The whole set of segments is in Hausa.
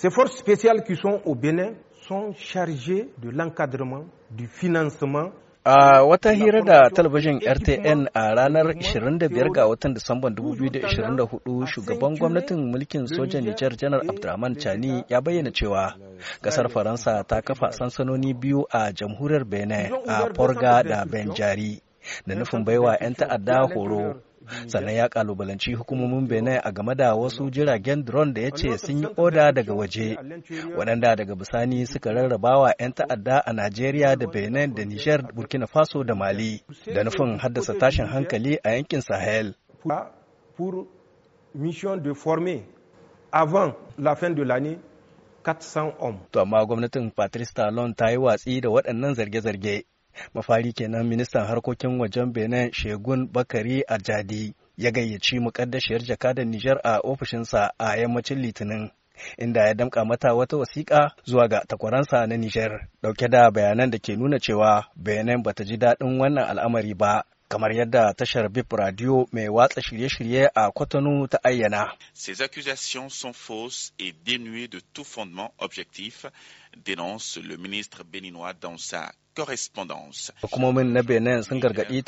Ces forces spéciales qui sont au Bénin sont chargées de l'encadrement, du financement A wata hira da talabijin RTN a ranar 25 ga watan Disamban 2024 shugaban gwamnatin mulkin sojan Nijar Janar Abdurrahman Chani ya bayyana cewa kasar Faransa ta kafa sansanoni biyu a jamhuriyar Benin a Porga da Benjari da nufin baiwa 'yan ta'adda horo sannan ya kalubalanci hukumomin benin a game da wasu jiragen drone da ya ce sun yi oda daga waje waɗanda daga bisani suka rarraba wa 'yan ta'adda a nigeria da benin da niger burkina faso da mali da nufin haddasa tashin hankali a yankin sahel avant la fin de l'année 400 hommes. To amma gwamnatin Patrice Talon ta yi watsi da waɗannan zarge-zarge. mafari kenan ministan harkokin wajen benin shegun bakari a jadi ya gayyaci mukaddashiyar jakadar nijar a ofishinsa a yammacin litinin inda ya damƙa mata wata wasiƙa zuwa ga takwaransa na nijar dauke da bayanan da ke nuna cewa benin bata ji daɗin wannan al'amari ba kamar yadda tashar BIP Radio mai watsa shirye-shirye a Kwatano ta ayyana. Ces accusations sont fausses et dénuées de tout fondement objectif, dénonce le ministre béninois dans sa correspondance. Hukumomin na Benin sun gargaɗi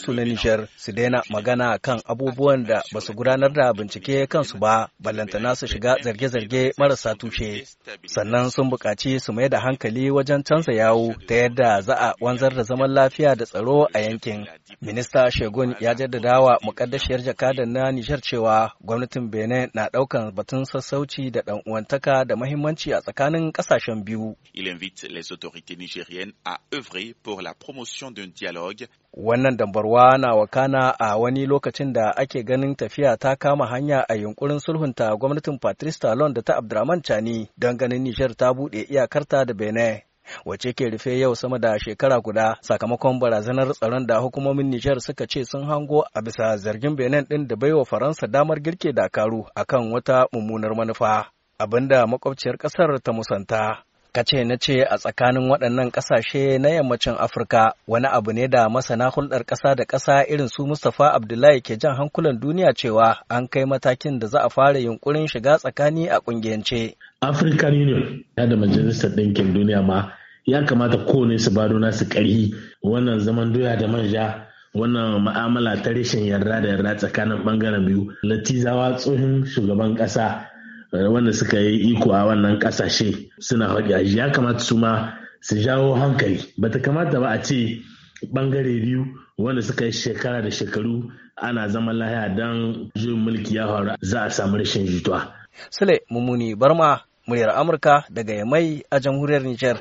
su na Nijar su daina magana kan abubuwan da ba su gudanar da bincike kansu ba, ballantana su shiga zarge-zarge marasa tushe. Sannan sun buƙaci su mai da hankali wajen canza yawo ta yadda za a wanzar da zaman lafiya da tsaro a yankin. Minista Shegun ya jaddada wa mukaddashiyar jakadan na Nijar cewa gwamnatin Benin na ɗaukan batun sassauci da ɗan'uwantaka da mahimmanci a tsakanin ƙasashen biyu. Il invite les autorités nigériennes à œuvrer pour la promotion d'un dialogue wannan dambarwa na wakana a wani lokacin da ake ganin tafiya ta kama hanya a yunkurin sulhunta gwamnatin patrice talon da ta Abdurahman chani don ganin Nijar ta buɗe iyakarta da bene. wace ke rufe yau sama da shekara guda sakamakon barazanar tsaron da hukumomin nijar suka ce sun hango a bisa zargin benin ɗin da baiwa faransa damar girke dakaru akan wata mummunar manufa abinda makwabciyar ƙasar ta musanta kace na ce a tsakanin waɗannan ƙasashe na yammacin Afirka wani abu ne da masana hulɗar ƙasa da ƙasa irin su Mustapha Abdullahi ke jan hankulan duniya cewa an kai matakin da za a fara yunkurin shiga tsakani a ƙungiyance. African Union ya da Majalisar Ɗinkin Duniya ma ya kamata kowane su bado nasu ƙarhi wannan zaman doya da manja wannan ma'amala ta rashin yarda da yarda tsakanin ɓangaren biyu. Latizawa tsohon shugaban ƙasa Eh, wanda suka yi iko a wannan kasashe suna haƙi ya kamata su ma su jawo hankali ba ta kamata ba a ce bangare biyu wanda suka yi shekara da shekaru ana zama lahiya don juyin mulki ya faru za a samu rashin jituwa. Sule Mumuni Barma, muryar Amurka daga Yamai a jamhuriyar Nijar.